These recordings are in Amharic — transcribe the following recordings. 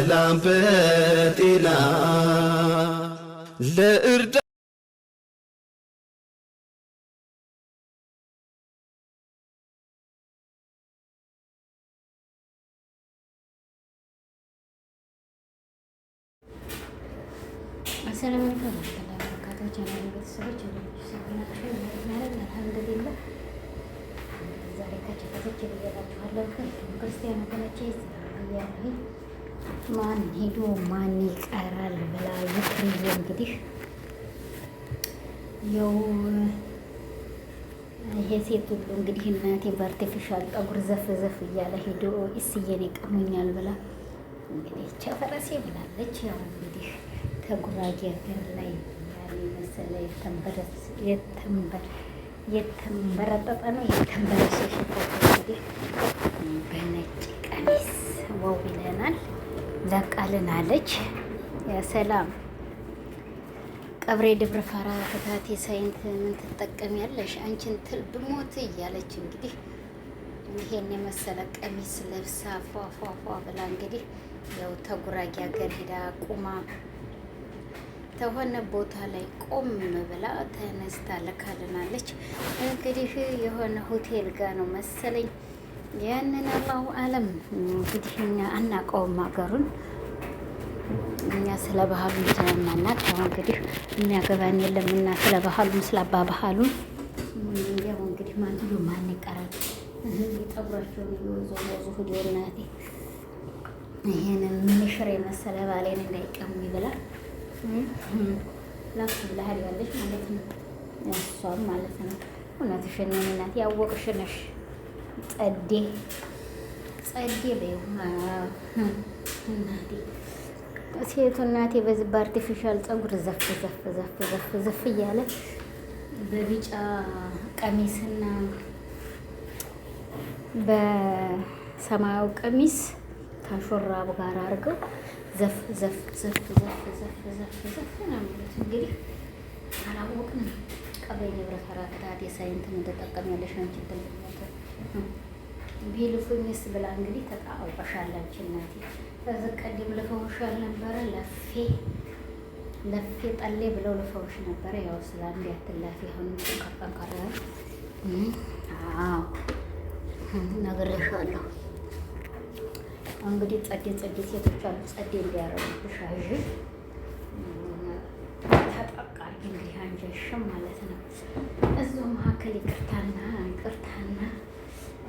በሰላም በጤና ለእርዳ ማን ሄዶ ማን ይቀራል ብላ ይፍርዬ እንግዲህ ያው ይሄ ሴት ሁሉ እንግዲህ እናቴ በአርቲፊሻል ጠጉር ዘፍ ዘፍ እያለ ሄዶ እስዬን ይቀሙኛል ብላ እንግዲህ ቸፈረሴ ብላለች። ያው እንግዲህ ተጉራጌ ሀገር ላይ ያለ መሰለ የተንበረጠጠ ነው የተንበረሸሸበት እንግዲህ በነጭ ቀሚስ ዋው ይለናል። ለቃልናለች። ሰላም ቀብሬ ድብር ፈራ ከታቴ ሳይንት ምን ትጠቀሚያለሽ አንቺን ትል ብሞት እያለች እንግዲህ ይሄን የመሰለ ቀሚስ ለብሳ ፏፏፏ ብላ እንግዲህ ያው ተጉራጌ ሀገር ሄዳ ቁማ ተሆነ ቦታ ላይ ቆም ብላ ተነስታ ልካልናለች። እንግዲህ የሆነ ሆቴል ጋ ነው መሰለኝ ያንን አላሁ አለም እንግዲህ እኛ አናውቀውም ሀገሩን እኛ ስለ ባህሉም ስለማናቅ ያው እንግዲህ የሚያገባን የለም እና ስለ ባህሉም ስለ አባ ያው እንግዲህ ማንትዮ ማን ይቀራል? ጠጉራቸውን እየወዘወዙ ሂዶ እናቴ ይህንን ምንሽር የመሰለ ባሌን እንዳይቀሙ ይብላል ላሱ ብላህል ያለች ማለት ነው እሷም ማለት ነው እውነትሽን እናቴ ያወቅሽ ነሽ ጸዴ ጸዴ በይው እናቴ ሴቱ እናቴ በዚህ በአርቲፊሻል ፀጉር ዘፍ ዘፍ ዘፍ ዘፍ ዘፍ እያለ በቢጫ ቀሚስና በሰማያዊ ቀሚስ ከሹራብ ጋር አድርገው ዘፍ ዘፍ ዘፍ ዘፍ ዘፍ ዘፍ ዘፍ ነው የሚሉት። እንግዲህ አላወቅንም። ቀበሌ ንብረት አራት ሳይንት እንደጠቀም ያለሽ አንቺ ቢልፉኝስ ብላ እንግዲህ ተጣወሻለች እናቴ። ከዚህ ቀደም ልፈውሽ ያልነበረ ለፌ ለፌ ጠሌ ብለው ልፈውሽ ነበረ። ያው ስለ አንድ ያትላፊ አሁን ቀጠንቀረ ነግሬሻለሁ። እንግዲህ ጸዴ ጸዴ ሴቶች አሉ ጸዴ እንዲያረጉብሽ አዥ ተጠቃቂ እንግዲህ አንጀሽም ማለት ነው። እዚሁ መካከል ይቅርታና ይቅርታና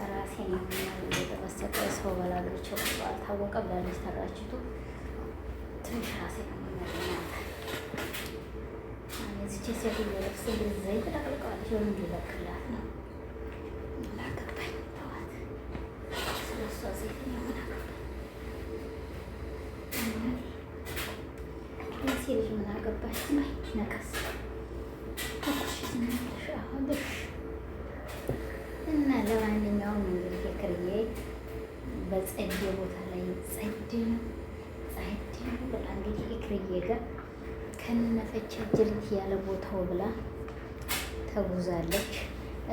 ራሴ ማንኛውም የተመሰጠ ሰው በላግሪቸው ባልታወቀ በልጅ ተራችቱ ትንሽ ራሴ ነው የሚመለናል። ሴት የልብስ ዘይት ተጠቅልቀዋለች። ሆን እንዲለቅላት ነው ላገባኝ ተዋት። ምን አገባች ነከስ ጸዴ ቦታ ላይ ጸዴ ነው ጸዴ ነው ብላ እንግዲህ እክርዬ ጋር ከነፈቻ ጅልት ያለ ቦታው ብላ ተጉዛለች።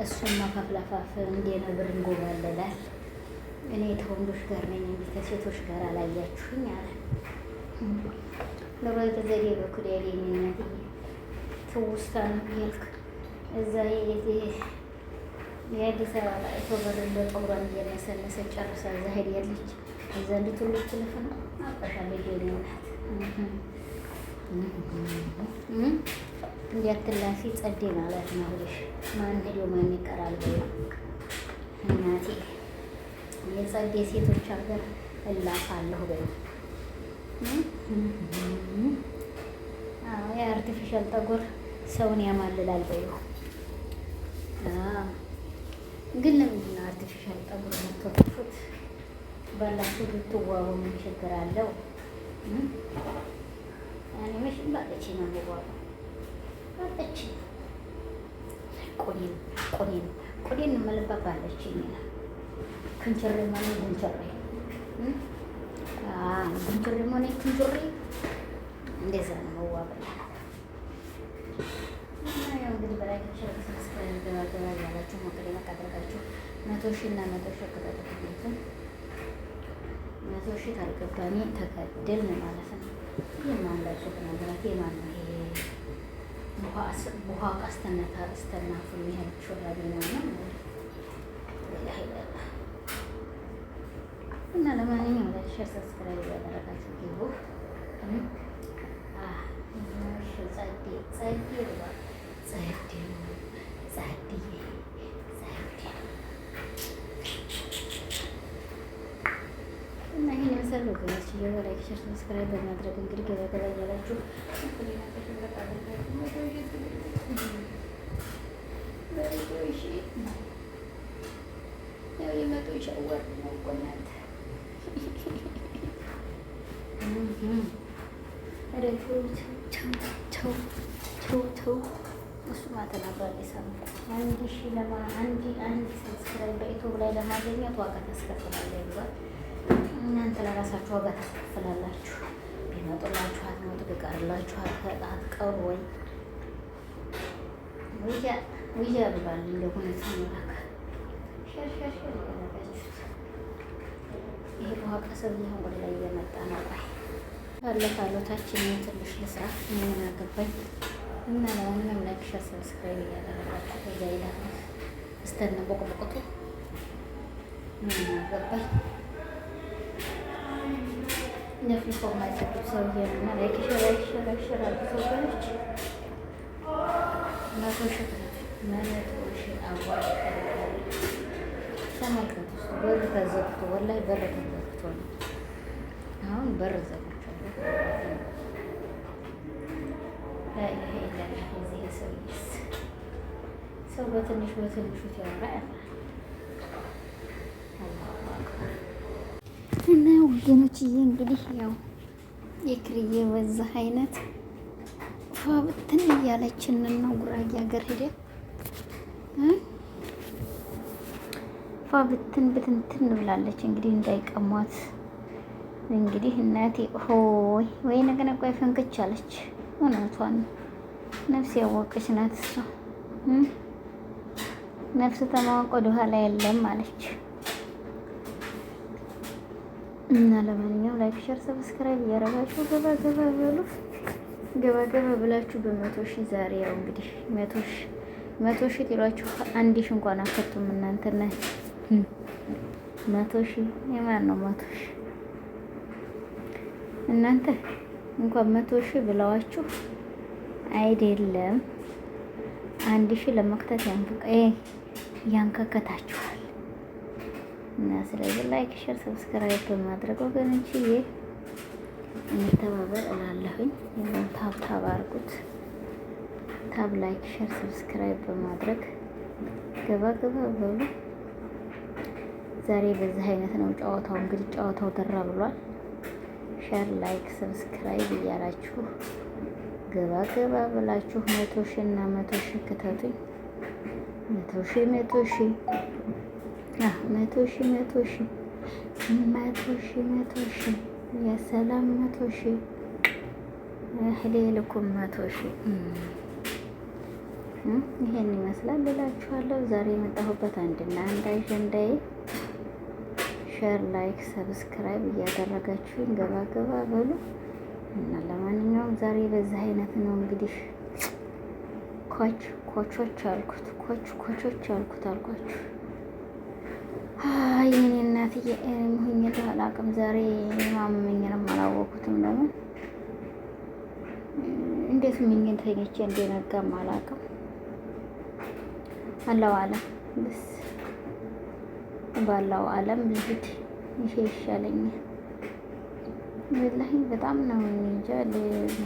እሱም ማፋፍላፋፍ ላፋፍ እንደ ነብር እንጎባለላል። እኔ ከወንዶች ጋር ነኝ እንጂ ከሴቶች ጋር አላያችሁኝ አለ ኑሮ የተዘዴ በኩል ያገኘኛት ትውስታ ነው ያልክ እዛ የአዲስ አበባ ላይቶ በደለ ጸጉሯን እየነሰነሰ ጨርሳ እዛ ሄዳለች። እዛ እንድትልቅ ትልፍ ነው አጣሻለች። ይደናት እንዲያትላፊ ጸዴ ማለት ነው። ልሽ ማን ሄዶ ማን ይቀራል? እናቴ የጸዴ ሴቶች ሀገር እላፋለሁ በይ። የአርቲፊሻል ጠጉር ሰውን ያማልላል በይ። ግን ለምንድን ነው አርቲፊሻል ጠጉር የምትወጡት? ባላችሁ ልትዋቡ ምን ችግር አለው? እኔ መቼም ባለች ነው ልዋባ ባለች ቆኔን ቆኔን ቆኔን መልባ ባለች ይላል ክንችሬ ማለ ጉንችሬ ጉንችሬ ማለ ክንችሬ እንደዛ ነው መዋበላ መቶ ሺህ እና መቶ ሺህ አከታተልኩትን መቶ ሺህ ካልገባኔ ተገደልን ማለት ነው። የማን ነገራት የማን ነው ይሄ ውሃ ቀስተነታ እስተናፉ የሚሄድ ሾራቢ ነው እና ለማንኛውም ወደ ሸር ሰብስክራይብ ያደረጋችሁ ግቡ። ጸዴ ጸዴ ጸዴ ጸዴ ወገኖች እየሆ ላይክ፣ ሸር፣ ሰብስክራይብ በማድረግ እንግዲህ ገበያ ገበያ እያላችሁ አንድ ሺህ ለማ አንድ አንድ ሰብስክራይብ ላይ ዋጋ እናንተ ለራሳችሁ ዋጋ ታስከፍላላችሁ። ቢመጡላችሁ አትመጡ፣ ቢቀርላችሁ አትቀሩ ወይ ውያ ውያ ብሏል። እንደ ሁኔታ መላክ ሸርሸርሸር ያደረጋችሁት ይሄ በኋላ ሰውዬው ወደ ላይ እየመጣ ነው። ቆይ ባለፋሎታችን ትንሽ ልስራ ምን አገባኝ እና ለማንኛውም ላይክ፣ ሸር፣ ሰብስክራይብ እያደረጋችሁ ከዛ ይላል እስተነ ቦቅቦቅቱ ምን አገባኝ እንደዚህ ፎርም ሰው ሰውዬ ነው ላይክ ሼር ላይክ ሼር ላይክ ሼር አድርገው ሰዎች ናቶሽ ናቶሽ አዋጅ ተመልከቱ። በር ተዘግቶ ወላሂ በር ተዘግቶ ነው አሁን በር ዘግቶ ሰው በትንሽ በትንሹ ያወራ ወገኖችዬ እንግዲህ ያው የክርዬ በዛህ አይነት ፏብትን እያለችን ነው። ጉራጌ ሀገር ሄደ ፏብትን ብትንትን ብላለች። እንግዲህ እንዳይቀሟት እንግዲህ እናቴ ሆይ ወይ ነገነ ቆይ ፈንክች አለች። እውነቷን ነፍስ ያወቀች ናት እሷ። ነፍስ ተማወቅ ወደኋላ የለም አለች። እና ለማንኛውም ላይክ፣ ሸር፣ ሰብስክራይብ እያደረጋችሁ ገባ ገባ በሉ። ገባ ገባ ብላችሁ በመቶ ሺህ ዛሬ ያው እንግዲህ መቶ ሺህ መቶ ሺህ ጥሏችሁ አንድ ሺህ እንኳን አፈቱም እናንተ መቶ ሺህ የማን ነው መቶ ሺህ እናንተ እንኳን መቶ ሺህ ብለዋችሁ አይደለም አንድ ሺህ ለመክተት ያንከከታችሁ እና ስለዚህ ላይክ፣ ሼር፣ ሰብስክራይብ በማድረግ ወገኖች ይሄ እንተባበር እላለሁኝ። ይሄን ታብ ታብ አድርጉት። ታብ፣ ላይክ፣ ሼር፣ ሰብስክራይብ በማድረግ ገባ ገባ በሉ። ዛሬ በዚህ አይነት ነው ጨዋታው። እንግዲህ ጨዋታው ደራ ብሏል። ሼር፣ ላይክ፣ ሰብስክራይብ እያላችሁ ገባ ገባ ብላችሁ መቶ ሺህ እና መቶ ሺህ ክተቱኝ መቶ ሺህ መቶ ሺህ መቶ ሺ መቶ ሺ መቶ ሺ መቶ ሺ የሰላም መቶ ሺ ህሌልኩም መቶ ሺ ይሄን ይመስላል እላችኋለሁ። ዛሬ የመጣሁበት አንድና አንድ አጀንዳዬ ሼር፣ ላይክ፣ ሰብስክራይብ እያደረጋችሁ ገባ ገባ በሉ እና ለማንኛውም ዛሬ በዚህ አይነት ነው እንግዲህ ኮች ኮቾች አልኩት ኮች ኮቾች አልኩት አልኳችሁ። የኔ እናትዬ አላውቅም። ዛሬ ማመመኝንም አላወኩትም። ደግሞ እንዴት ምኝን ተኝቼ እንደነጋም አላውቅም። አለው አለም ብስ ባለው አለም ልሂድ ይሄ በጣም ነው እንጃ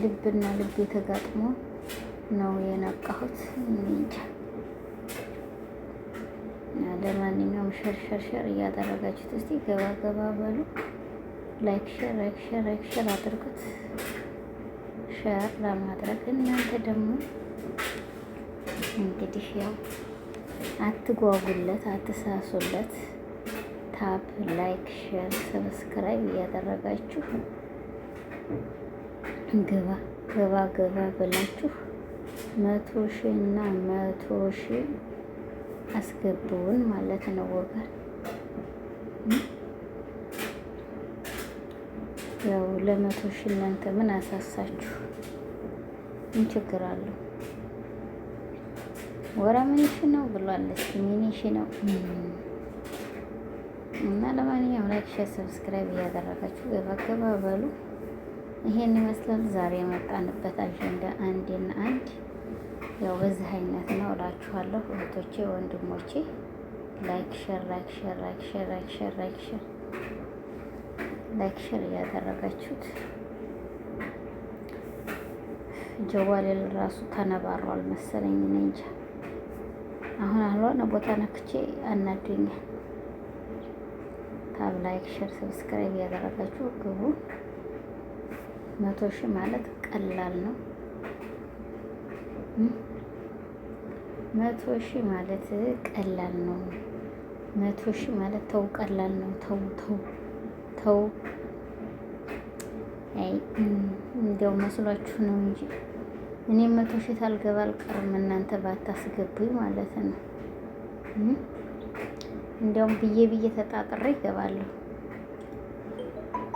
ልብና ልብ የተጋጥሞ ነው የነቃሁት እንጃ ለማንኛውም ሸር ሸር ሸር እያደረጋችሁት እስቲ ገባ ገባ በሉ። ላይክ ሸር ላይክ ሸር ላይክ ሸር አድርጉት። ሸር ለማድረግ እናንተ ደግሞ እንግዲህ ያው አትጓጉለት፣ አትሳሱለት። ታፕ ላይክ ሸር ሰብስክራይብ እያደረጋችሁ ገባ ገባ ገባ ብላችሁ መቶ ሺህ እና መቶ ሺህ አስገቡን ማለት ነው ወገን። ያው ለመቶ ሺህ እናንተ ምን አሳሳችሁ? ምን ችግር አለው? ወራ ምን ሺህ ነው ብሏለች ምን ሺህ ነው እና ለማንኛውም ላይክ፣ ሼር፣ ሰብስክራይብ እያደረጋችሁ ገባ ገባ በሉ። ይሄን ይመስላል ዛሬ የመጣንበት አጀንዳ አንድ እና አንድ ያው በዚህ አይነት ነው እላችኋለሁ እህቶቼ ወንድሞቼ። ላይክ ሸር ላይክ ሸር ላይክ ሸር ላይክ ሸር ላይክ ሸር ላይክ ሸር እያደረጋችሁት ጀዋሌል ራሱ ተነባሯል መሰለኝ እኔ እንጃ። አሁን አልሆነ ቦታ ነክቼ አናዶኛል። ታብ ላይክ ሸር ሰብስክራይብ እያደረጋችሁ ግቡ። መቶ ሺህ ማለት ቀላል ነው። መቶ ሺህ ማለት ቀላል ነው። መቶ ሺህ ማለት ተው ቀላል ነው። ተው ተው ተው። አይ እንደው መስሏችሁ ነው እንጂ እኔ መቶ ሺህ ታልገባ አልቀርም እናንተ ባታስገቡኝ ማለት ነው። እንዲያውም ብዬ ብዬ ተጣጥሬ ይገባለሁ።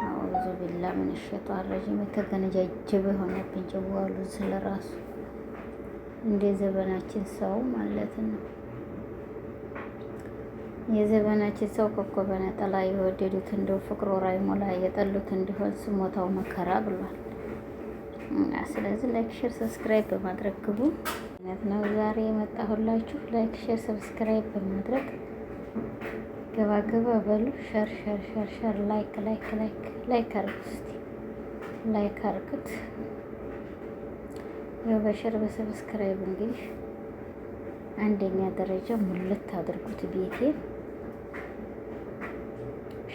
አውዙ ቢላ ምን ሸጧ ረዥም የተገነጃጀበ የሆነብኝ ጭዋሉ ስለራሱ እንደ ዘበናችን ሰው ማለት ነው። የዘበናችን ሰው ኮከበ ነጠላ የወደዱት እንደው ፍቅሮ ራይ ሞላ የጠሉት እንዲሆን ስሞታው መከራ ብሏል። ስለዚህ ላይክ ሼር ሰብስክራይብ በማድረግ ግቡ ነት ነው ዛሬ የመጣሁላችሁ። ላይክ ሼር ሰብስክራይብ በማድረግ ገባ ገባ በሉ። ሸር ሸር ሸር ሸር ላይክ ላይክ ላይክ ላይክ አርጉት፣ ላይክ አርጉት። ያው በሸር በሰብስክራይብ እንግዲህ አንደኛ ደረጃ ሙልት አድርጉት። ቤቴ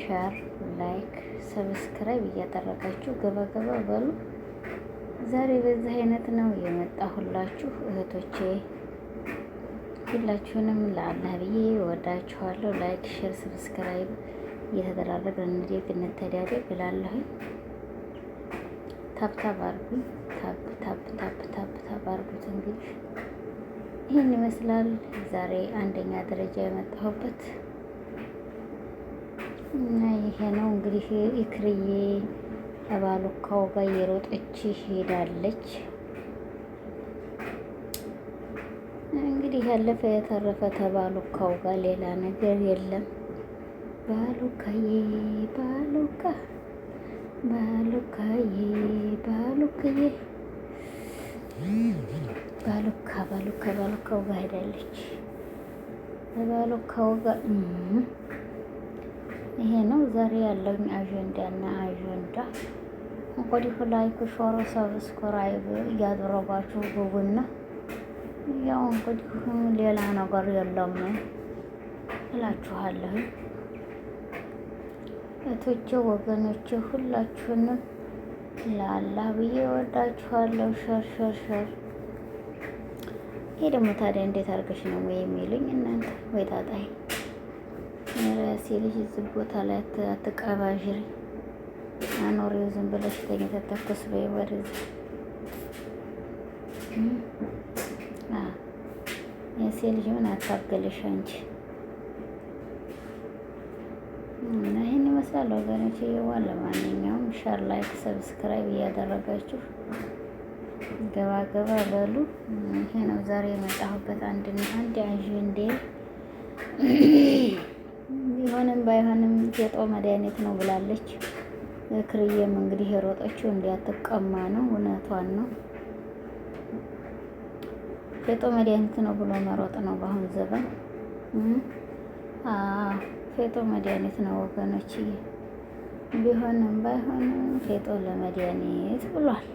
ሸር፣ ላይክ፣ ሰብስክራይብ እያደረጋችሁ ገባ ገባ በሉ። ዛሬ በዚህ አይነት ነው የመጣሁላችሁ እህቶቼ። ሁላችሁንም ለአላህ ብዬ ወዳችኋለሁ። ላይክ ሼር ሰብስክራይብ እየተደራረገ እንዴት እንተዳደግ እላለሁኝ። ታብታብ አርጉኝ ታብ ታፕ ታፕ ታፕ ታፕ አድርጉት። እንግዲህ ይህን ይመስላል ዛሬ አንደኛ ደረጃ የመጣሁበት እና ይሄ ነው እንግዲህ ኢክርዬ ባሉካው ጋር የሮጠች ሄዳለች። እንግዲህ ያለፈ የተረፈ ተባሉካው ጋር ሌላ ነገር የለም። ባሉካዬ ባሉካ ባሉካዬ ባሉካዬ ባሉካ ባሉካ ባሉካው ጋር ሄዳለች። ባሉካው ጋር ይሄ ነው ዛሬ ያለውን አጀንዳ እና አጀንዳ እንቆዲሁ ላይክ ሾሮ ሰብስክራይብ እያደረጓችሁ ግቡና ያው እንግዲህ ሌላ ነገር የለም እላችኋለሁ። እቶቼ ወገኖቼ ሁላችሁንም ለአላህ ብዬ ወዳችኋለሁ። ሸር ሸር ሸር። ይሄ ደግሞ ታዲያ እንዴት አድርገሽ ነው ወይ የሚሉኝ እናንተ ወይ ታጣይ ራሴ ልጅ እዚህ ቦታ ላይ አትቀባዥሪ፣ አኖሪው ዝም ብለሽ ተኝ ተተኩስ በይ ወደዚህ የሴ ልጅ ምን አታገልሽ አንቺ ይመስላል ወገኖች። ይዋ ለማንኛውም ሸር፣ ላይክ፣ ሰብስክራይብ እያደረጋችሁ ገባ ገባ በሉ። ይሄ ነው ዛሬ የመጣሁበት አንድ አንድ አጀንዴ ቢሆንም ባይሆንም ጌጦ መድኃኒት ነው ብላለች። ክርዬም እንግዲህ የሮጠችው እንዲያትቀማ ነው። እውነቷን ነው። ጌጦ መድኃኒት ነው ብሎ መሮጥ ነው በአሁኑ ዘበን። ፌጦ መድኃኒት ነው ወገኖች፣ ቢሆንም ባይሆንም ፌጦ ለመድኃኒት ብሏል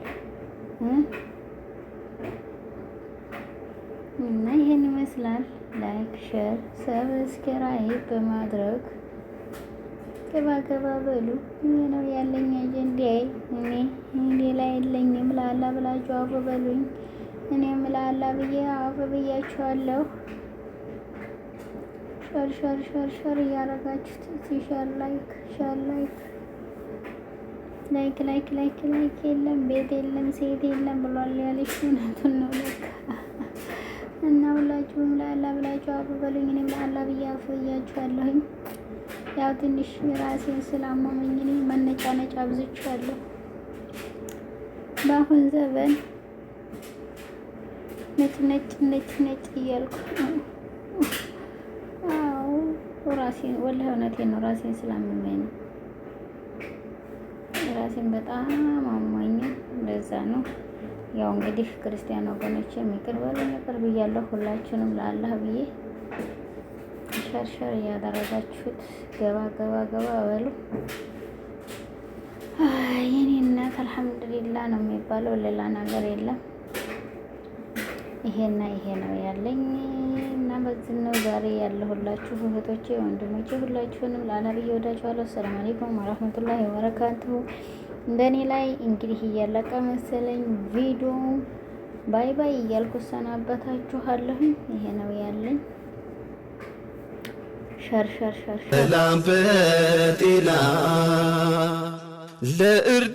እና ይህን ይመስላል። ላይክ ሸር ሰብስክራይብ በማድረግ ገባ ገባ በሉ። ይህ ነው ያለኝ አጀንዳዬ። እኔ ሌላ የለኝም። ላላ ብላችሁ አውብ በሉኝ። እኔም ላላ ብዬ አውብ ብያችኋለሁ። ሸር ሸር ሸር ሸር እያረጋችሁት እዚህ ሸር ላይክ ሸር ላይክ ላይክ ላይክ ላይክ ላይክ የለም ቤት የለም ሴት የለም ብሏል ያለች እውነቱን ነው ለካ። እና ሁላችሁም ለአላ ብላችሁ አብበሉኝ። እኔም ለአላ ብዬ አፍያችኋለሁኝ። ያው ትንሽ ራሴን ስላመመኝ እኔ መነጫ መነጫነጫ አብዝቻለሁ። በአሁን ዘበን ነጭ ነጭ ነጭ ነጭ እያልኩ ራሴን ወላሂ እውነቴን ነው ራሴን ስላመመኝ ነው። ራሴን በጣም አሟኝ እንደዛ ነው። ያው እንግዲህ ክርስቲያን ወገኖች ይቅር በሉኝ፣ ይቅር ብያለሁ። ሁላችሁንም ለአላህ ብዬ ሸርሸር እያደረጋችሁት ገባ ገባ ገባ በሉ። የኔ እናት አልሐምዱሊላህ ነው የሚባለው፣ ሌላ ነገር የለም። ይሄና ይሄ ነው ያለኝ። እና በዚህ ነው ዛሬ ያለሁላችሁ እህቶቼ፣ ወንድሞቼ ሁላችሁንም ላለብዬ ወዳችኋለሁ። አሰላም አለይኩም ወራህመቱላሂ ወበረካቱሁ። እንደኔ ላይ እንግዲህ እያለቀ መሰለኝ ቪዲዮ ባይ ባይ እያልኩ ሰናበታችኋለሁ። ይሄ ነው ያለኝ። ሸር ሸር ሸር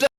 ሸር